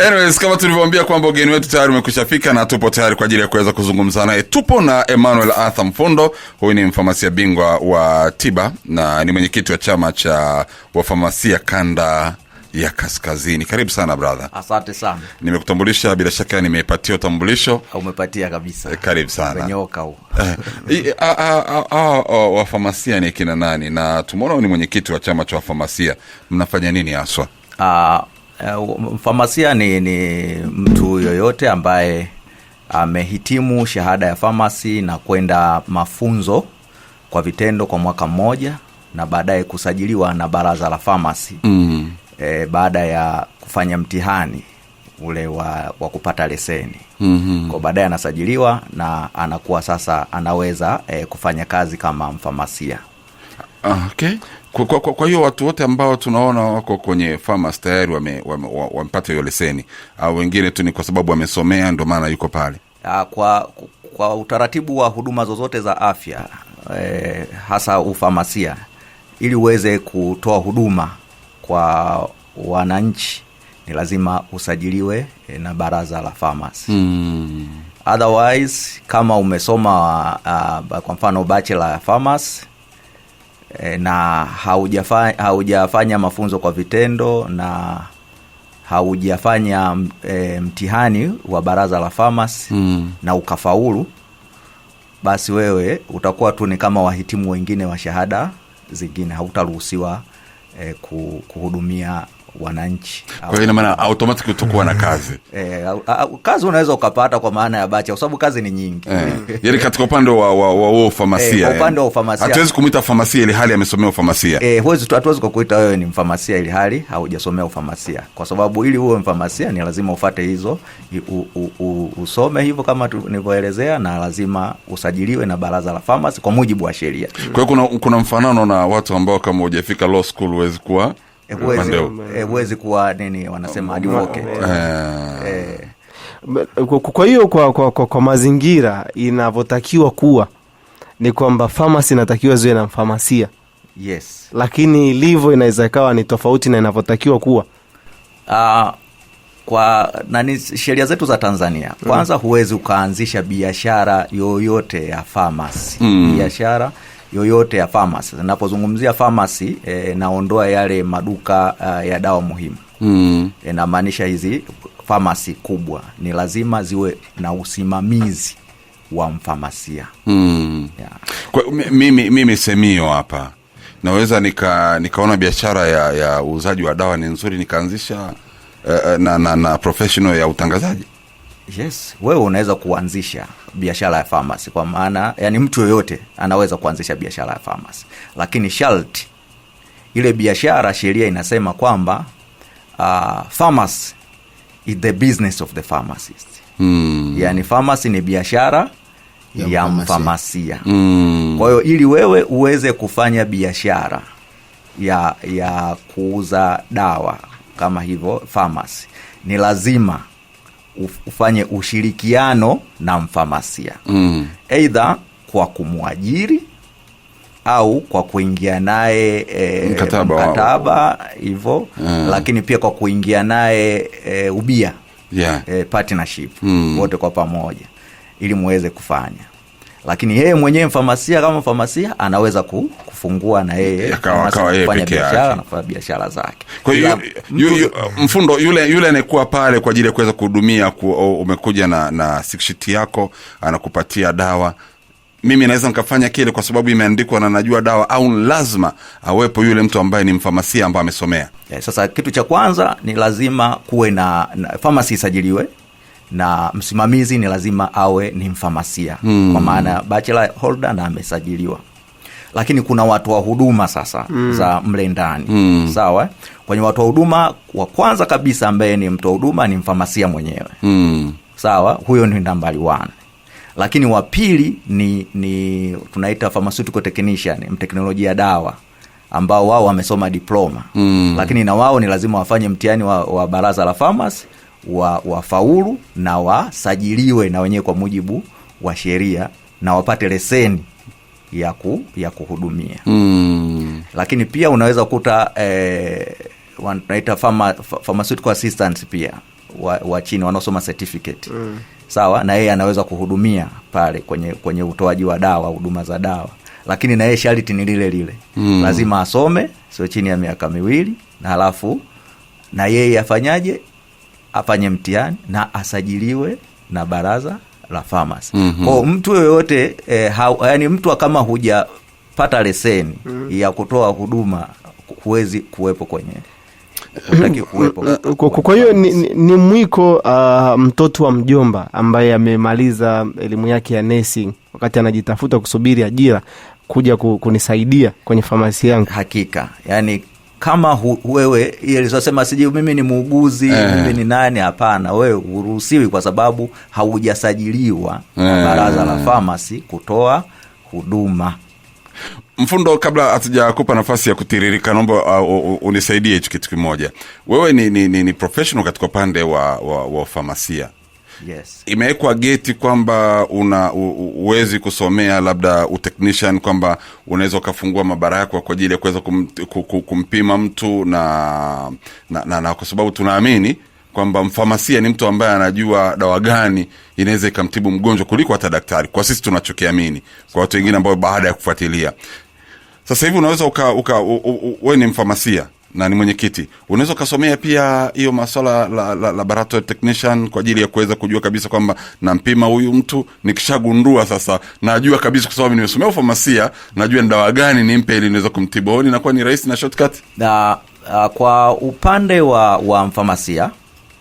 Anyways, kama tulivyoambia kwamba ugeni wetu tayari umekwishafika na tupo tayari kwa ajili ya kuweza kuzungumza naye. Tupo na Emmanuel Arthur Mfondo, huyu ni mfamasia bingwa wa tiba na ni mwenyekiti wa chama cha wafamasia kanda ya kaskazini. Karibu sana brother. Asante sana. Nimekutambulisha, bila shaka nimepatia utambulisho. Ah, umepatia kabisa. Eh, karibu sana. Nyooka huo. Eh, wafamasia ni kina nani? Na tumeona ni mwenyekiti wa chama cha wafamasia, mnafanya nini haswa? Uh, Uh, eh, famasia ni, ni mtu yoyote ambaye amehitimu shahada ya famasi na kwenda mafunzo kwa vitendo kwa mwaka mmoja na baadaye kusajiliwa na baraza la famasi mm. E, baada ya kufanya mtihani ule wa, wa kupata leseni mm-hmm. Kwa baadaye anasajiliwa na anakuwa sasa anaweza e, kufanya kazi kama mfamasia. Ah, okay. Kwa, kwa, kwa, kwa hiyo watu wote ambao tunaona wako kwenye farmers tayari wamepata wame, wame, hiyo leseni au ah, wengine tu ni kwa sababu wamesomea ndio maana yuko pale. Ah, kwa, kwa utaratibu wa huduma zozote za afya e, hasa ufamasia, ili uweze kutoa huduma kwa wananchi ni lazima usajiliwe eh, na baraza la famasi hmm. Otherwise, kama umesoma uh, kwa mfano bachelor ya famasi e, na haujafa, haujafanya mafunzo kwa vitendo na haujafanya e, mtihani wa baraza la famasi mm. na ukafaulu basi wewe utakuwa tu ni kama wahitimu wengine wa shahada zingine hautaruhusiwa e, kuhudumia wananchi. Kwa hiyo ina maana automatic utakuwa na kazi e, kazi unaweza ukapata kwa maana ya bacha, kwa sababu kazi ni nyingi e. Yani katika upande wa wa wa ufamasia, e, eh, upande wa ufamasia hatuwezi ili hali amesomea ufamasia huwezi tu, hatuwezi kukuita wewe ni mfamasia ili hali haujasomea ufamasia, kwa sababu ili uwe mfamasia ni lazima ufate hizo u, u, u, usome hivyo kama nilivyoelezea, na lazima usajiliwe na baraza la famasi kwa mujibu wa sheria. Kwa hiyo kuna, kuna mfanano na watu ambao kama hujafika law school huwezi kuwa Eh, huwezi kuwa nini wanasema advocate eh. eh. Kwa hiyo kwa, kwa, kwa, kwa mazingira inavyotakiwa kuwa ni kwamba famasi inatakiwa ziwe na mfamasia yes, lakini ilivyo inaweza ikawa ni tofauti na inavyotakiwa kuwa uh, kwa nani sheria zetu za Tanzania mm. kwanza, mm. huwezi ukaanzisha biashara yoyote ya famasi mm. biashara yoyote ya pharmacy. Ninapozungumzia pharmacy e, naondoa yale maduka uh, ya dawa muhimu mm. E, namaanisha hizi pharmacy kubwa ni lazima ziwe na usimamizi wa mfamasia mm. yeah. Kwa, mimi, mimi semio hapa naweza nika nikaona biashara ya ya uuzaji wa dawa ni nzuri nikaanzisha uh, na, na, na professional ya utangazaji. Yes, wewe unaweza kuanzisha biashara ya pharmacy kwa maana yani mtu yoyote anaweza kuanzisha biashara ya pharmacy, lakini sharti ile biashara, sheria inasema kwamba uh, pharmacy is the business of the pharmacist hmm. Yani pharmacy ni biashara ya, ya mfamasia hmm. Kwa hiyo ili wewe uweze kufanya biashara ya ya kuuza dawa kama hivyo pharmacy, ni lazima ufanye ushirikiano na mfamasia mm. kwa kumwajiri au kwa kuingia naye e, mkataba hivo mm. Lakini pia kwa kuingia naye e, ubia yeah. E, partnership mm. Wote kwa pamoja ili muweze kufanya lakini yeye mwenyewe mfamasia kama famasia anaweza kufungua na yeye biashara biashara zake. Kwa yu, yu, mfundo yule yule anayekuwa pale kwa ajili ya kuweza kuhudumia ku, umekuja na, na sikshiti yako anakupatia dawa mimi naweza nikafanya kile kwa sababu imeandikwa na najua dawa, au lazima awepo yule mtu ambaye ni mfamasia ambaye amesomea? Yeah, sasa kitu cha kwanza ni lazima kuwe na, na famasi isajiliwe na msimamizi ni lazima awe ni mfamasia mm. kwa hmm. maana bachelor holder na amesajiliwa lakini kuna watu wa huduma sasa mm. za mle ndani mm. sawa kwenye watu wa huduma wa kwanza kabisa ambaye ni mtu wa huduma ni mfamasia mwenyewe mm. sawa huyo ni nambari wane lakini wa pili ni, ni tunaita pharmaceutical technician mteknolojia dawa ambao wao wamesoma diploma mm. lakini na wao ni lazima wafanye mtihani wa, wa baraza la pharmacy wafaulu wa na wasajiliwe na wenyewe kwa mujibu wa sheria na wapate leseni ya, ku, ya kuhudumia mm. Lakini pia unaweza kukuta eh, wanaita pharma, pharmaceutical pia wa, wa chini wanaosoma certificate mm. Sawa, na yeye anaweza kuhudumia pale kwenye, kwenye utoaji wa dawa, huduma za dawa, lakini na yeye sharti ni lile lile mm. Lazima asome sio chini ya miaka miwili na halafu na yeye afanyaje afanye mtihani na asajiliwe na baraza la famas mm -hmm. mtu yoyote e, yani mtu kama hujapata leseni mm -hmm. ya kutoa huduma huwezi kuwepo kwenye mm. Mm, kwa hiyo ni, ni mwiko uh, mtoto wa mjomba ambaye amemaliza elimu yake ya nesi wakati anajitafuta kusubiri ajira kuja kunisaidia kwenye famasi yangu. Hakika yani kama hu, wewe ilizosema sijui mimi ni muuguzi eh, mimi ni nani? Hapana, wewe huruhusiwi kwa sababu haujasajiliwa eh, na Baraza la Famasi kutoa huduma. Mfundo, kabla hatujakupa nafasi ya kutiririka, naomba uh, unisaidie hichi kitu kimoja. Wewe ni, ni, ni, ni professional katika upande wa, wa, wa famasia yes. Imewekwa geti kwamba una uwezi kusomea labda utechnician, kwamba unaweza ukafungua mabara yako kwa ajili ya kuweza kum, kum, kumpima mtu na, na, na, na kwa sababu tunaamini kwamba mfamasia ni mtu ambaye anajua dawa gani inaweza ikamtibu mgonjwa kuliko hata daktari, kwa sisi tunachokiamini, kwa watu wengine ambao baada ya kufuatilia sasa hivi unaweza uka, uka, u, u, u, we ni mfamasia na ni mwenyekiti, unaweza ukasomea pia hiyo maswala la, la, laboratory technician kwa ajili ya kuweza kujua kabisa kwamba nampima huyu mtu, nikishagundua sasa najua kabisa kwa sababu nimesomea ufamasia, najua ni dawa gani nimpe ili niweza kumtibu. Au ni rahisi na shortcut na uh, kwa upande wa, wa mfamasia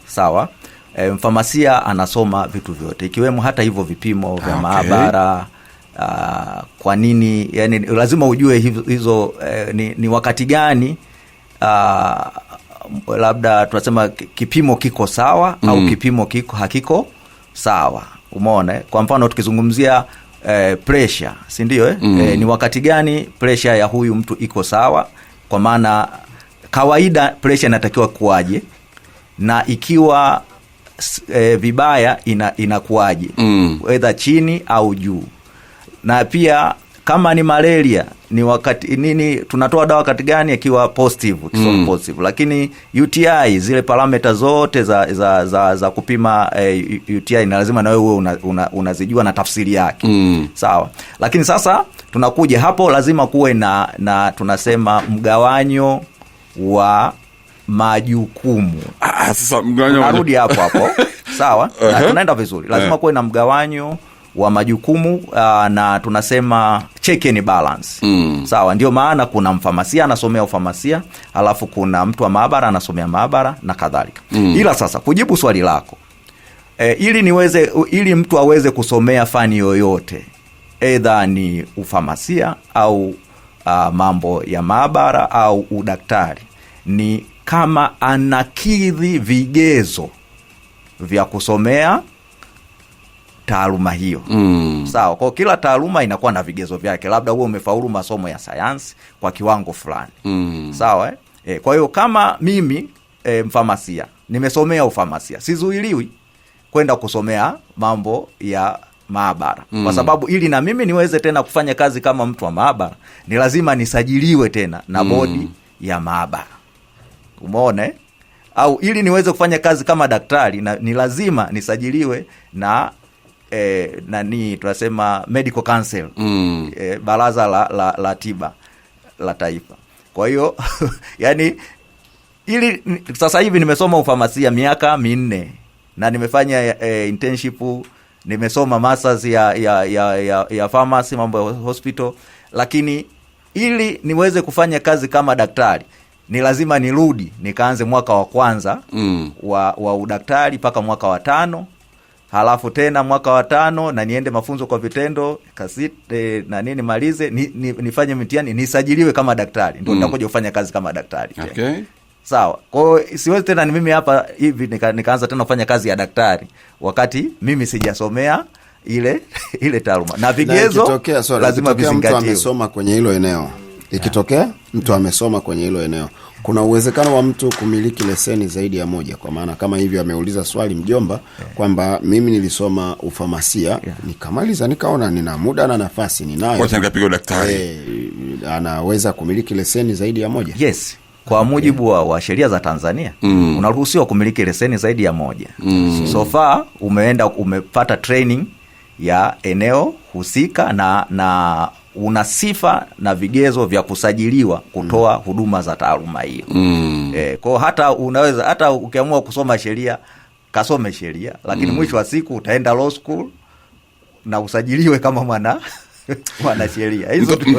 sawa. E, mfamasia anasoma vitu vyote ikiwemo hata hivyo vipimo vya ah, okay, maabara uh, kwa nini yani lazima ujue hizo, hizo e, eh, ni, ni wakati gani uh, labda tunasema kipimo kiko sawa mm. au mm-hmm. kipimo kiko hakiko sawa. Umeona, eh? kwa mfano tukizungumzia eh, pressure sindio eh? mm. eh, ni wakati gani pressure ya huyu mtu iko sawa? Kwa maana kawaida pres inatakiwa kuwaje, na ikiwa eh, vibaya ina, inakuwaje mm. edha chini au juu, na pia kama ni malaria ni wakati nini tunatoa dawa wakati gani akiwa positive mm. positive lakini UTI zile parameta zote za za za, za kupima eh, UTI na lazima na wewe una, una, unazijua na tafsiri yake mm. sawa lakini sasa tunakuja hapo lazima kuwe na na tunasema mgawanyo wa majukumu ah, ah sasa mgawanyo hapo hapo sawa uh-huh. na tunaenda vizuri lazima uh-huh. kuwe na mgawanyo wa majukumu uh, na tunasema check balance mm. Sawa, ndio maana kuna mfamasia anasomea ufamasia, alafu kuna mtu wa maabara anasomea maabara na kadhalika mm. Ila sasa kujibu swali lako e, ili niweze ili mtu aweze kusomea fani yoyote edha ni ufamasia au uh, mambo ya maabara au udaktari ni kama anakidhi vigezo vya kusomea taaluma hiyo mm. Sawa, kwao kila taaluma inakuwa na vigezo vyake, labda huwe umefaulu masomo ya sayansi kwa kiwango fulani mm. Sawa eh? E, kwa hiyo kama mimi e, mfamasia nimesomea ufamasia, sizuiliwi kwenda kusomea mambo ya maabara mm. Kwa sababu ili na mimi niweze tena kufanya kazi kama mtu wa maabara ni lazima nisajiliwe tena na mm. bodi mm. ya maabara, umone eh? au ili niweze kufanya kazi kama daktari na, ni lazima nisajiliwe na eh, nani tunasema medical council mm. eh, baraza la, la, la tiba la taifa. Kwa hiyo yani ili sasa hivi nimesoma ufamasia miaka minne na nimefanya eh, internship nimesoma masters ya ya ya, ya, ya pharmacy mambo ya hospital, lakini ili niweze kufanya kazi kama daktari ni lazima nirudi nikaanze mwaka wa kwanza mm. wa, wa udaktari mpaka mwaka wa tano halafu tena mwaka wa tano na niende mafunzo kwa vitendo kasi, eh, na nini malize ni, ni, nifanye mitihani nisajiliwe kama daktari ndio mm. nitakuja kufanya kazi kama daktari okay. Sawa, kwa hiyo siwezi tena ni mimi hapa hivi nika, nikaanza tena kufanya kazi ya daktari wakati mimi sijasomea ile ile taaluma na vigezo lazima vizingatiwe. mtu amesoma kwenye hilo eneo ikitokea yeah mtu amesoma kwenye hilo eneo. Kuna uwezekano wa mtu kumiliki leseni zaidi ya moja, kwa maana kama hivyo ameuliza swali mjomba kwamba mimi nilisoma ufamasia yeah, nikamaliza nikaona nina muda na nafasi ninayo, eh, anaweza kumiliki leseni zaidi ya moja yes kwa mujibu wa, wa sheria za Tanzania mm. unaruhusiwa kumiliki leseni zaidi ya moja mm. so umeenda umepata training ya eneo husika na na una sifa na vigezo vya kusajiliwa kutoa mm. huduma za taaluma hiyo mm. E, eh, kwao hata unaweza hata ukiamua kusoma sheria kasome sheria, lakini mm. mwisho wa siku utaenda law school na usajiliwe kama mwana mwanasheria.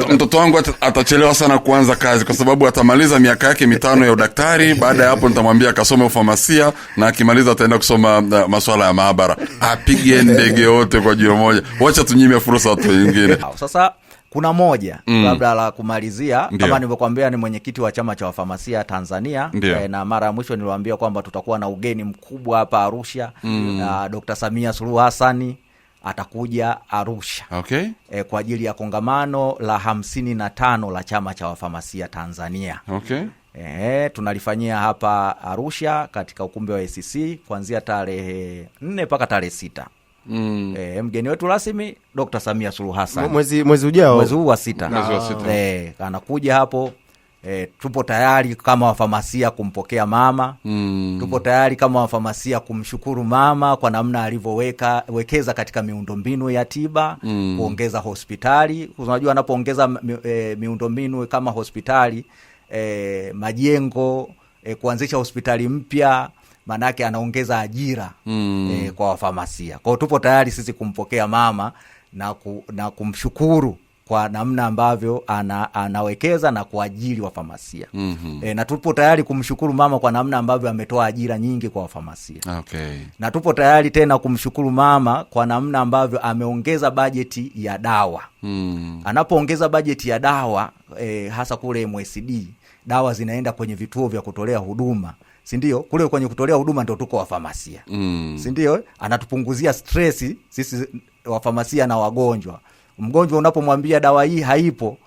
Mtoto wangu atachelewa sana kuanza kazi kwa sababu atamaliza miaka yake mitano ya udaktari. Baada ya hapo, nitamwambia akasome ufamasia, na akimaliza ataenda kusoma uh, maswala ya maabara, apige ndege yote kwa jio moja. Wacha tunyime fursa watu wengine. Sasa kuna moja mm. labda la kumalizia Ndiyo. kama nilivyokwambia ni mwenyekiti wa chama cha wafamasia Tanzania e, na mara ya mwisho niliwambia kwamba tutakuwa na ugeni mkubwa hapa Arusha mm. na Dr. Samia Suluhu hasani atakuja Arusha okay. e, kwa ajili ya kongamano la hamsini na tano la chama cha wafamasia Tanzania okay. E, tunalifanyia hapa Arusha katika ukumbi wa ACC kuanzia tarehe nne mpaka tarehe sita mm. E, mgeni wetu rasmi Dr. Samia Suluhu Hassan mwezi mwezi ujao mwezi huu wa sita, E, anakuja hapo E, tupo tayari kama wafamasia kumpokea mama mm. Tupo tayari kama wafamasia kumshukuru mama kwa namna alivyoweka wekeza katika miundombinu ya tiba mm. Kuongeza hospitali, unajua anapoongeza mi, e, miundombinu kama hospitali e, majengo e, kuanzisha hospitali mpya maanake anaongeza ajira mm. e, kwa wafamasia. Kwao tupo tayari sisi kumpokea mama na, ku, na kumshukuru kwa namna ambavyo ana, anawekeza na kuajiri wafamasia mm -hmm. E, na tupo tayari kumshukuru mama kwa namna ambavyo ametoa ajira nyingi kwa wafamasia okay. Na tupo tayari tena kumshukuru mama kwa namna ambavyo ameongeza bajeti ya dawa mm. Anapoongeza bajeti ya dawa e, hasa kule MSD dawa zinaenda kwenye vituo vya kutolea huduma sindio Kule kwenye kutolea huduma ndo tuko wafamasia mm. sindio Anatupunguzia stresi sisi wafamasia na wagonjwa. Mgonjwa unapomwambia dawa hii haipo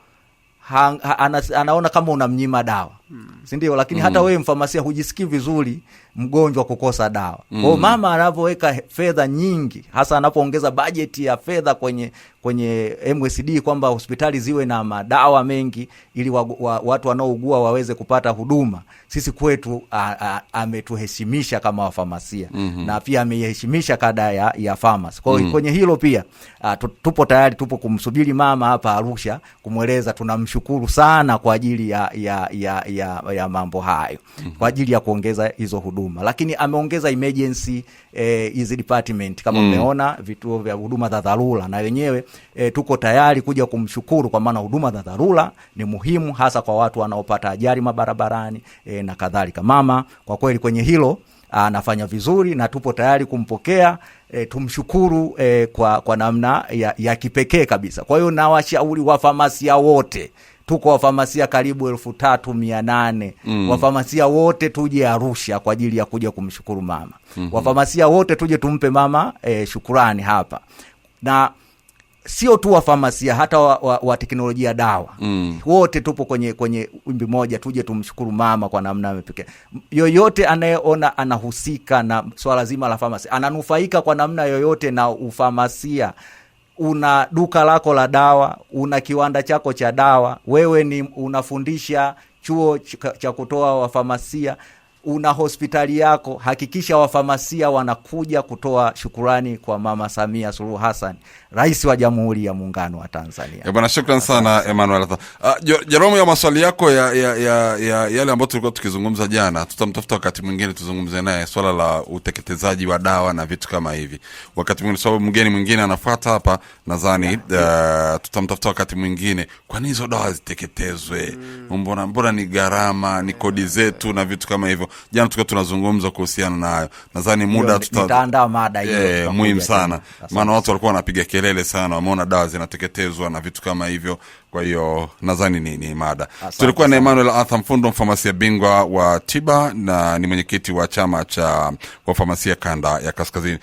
ha, ha, anas, anaona kama unamnyima dawa mm. sindio Lakini mm. hata wewe mfamasia hujisikii vizuri mgonjwa kukosa dawa mm. Kwao mama anavyoweka fedha nyingi, hasa anapoongeza bajeti ya fedha kwenye kwenye MSD kwamba hospitali ziwe na madawa mengi ili wa, wa, watu wanaougua waweze kupata huduma. Sisi kwetu ametuheshimisha kama wafamasia mm -hmm. na pia ameiheshimisha kada ya, ya famas kwao mm -hmm. kwenye hilo pia a, tupo tayari, tupo kumsubiri mama hapa Arusha kumweleza, tunamshukuru sana kwa ajili ya, ya, ya, ya, ya mambo hayo mm -hmm. kwa ajili ya kuongeza hizo huduma huduma, lakini ameongeza emergency hizi eh, department kama mm. umeona mm. vituo vya huduma za dharura na wenyewe eh, tuko tayari kuja kumshukuru kwa maana huduma za dharura ni muhimu hasa kwa watu wanaopata ajali mabarabarani eh, na kadhalika. Mama kwa kweli kwenye hilo ah, anafanya vizuri na tupo tayari kumpokea e, tumshukuru e, kwa, kwa namna ya, ya kipekee kabisa. Kwa hiyo nawashauri wafamasia wote tuko wafamasia karibu elfu tatu mia nane mm. wafamasia wote tuje Arusha kwa ajili ya kuja kumshukuru mama mm -hmm. wafamasia wote tuje tumpe mama e, shukurani hapa na sio tu wafamasia hata wa, wa, wa teknolojia dawa mm. wote tupo kwenye kwenye wimbi moja, tuje tumshukuru mama kwa namna amepekea. Yoyote anayeona anahusika na swala zima la famasi ananufaika kwa namna yoyote na ufamasia una duka lako la dawa, una kiwanda chako cha dawa, wewe ni unafundisha chuo cha kutoa wafamasia una hospitali yako, hakikisha wafamasia wanakuja kutoa shukurani kwa Mama Samia Suluhu Hassan, rais wa Jamhuri ya Muungano wa Tanzania. Bwana, shukran sana Emmanuel. Uh, ah, Jeromo, ya maswali yako ya, ya, ya, ya yale ambayo tulikuwa tukizungumza jana, tutamtafuta wakati mwingine tuzungumze naye swala la uteketezaji wa dawa na vitu kama hivi wakati mwingine, sababu mgeni mwingine anafuata hapa, nadhani uh, tutamtafuta wakati mwingine. Kwa nini hizo dawa ziteketezwe? Mm. Mbona mbona ni gharama, ni kodi zetu na vitu kama hivyo jana tukiwa tunazungumza kuhusiana na hayo. Nadhani muda tutaandaa mada hiyo eh, muhimu sana, maana watu walikuwa wanapiga kelele sana, wameona dawa zinateketezwa na vitu kama hivyo. Kwa hiyo nadhani ni, ni mada asante. Tulikuwa na Emmanuel Arthur Mfundo, mfamasia bingwa wa tiba na ni mwenyekiti wa chama cha wafamasia kanda ya kaskazini.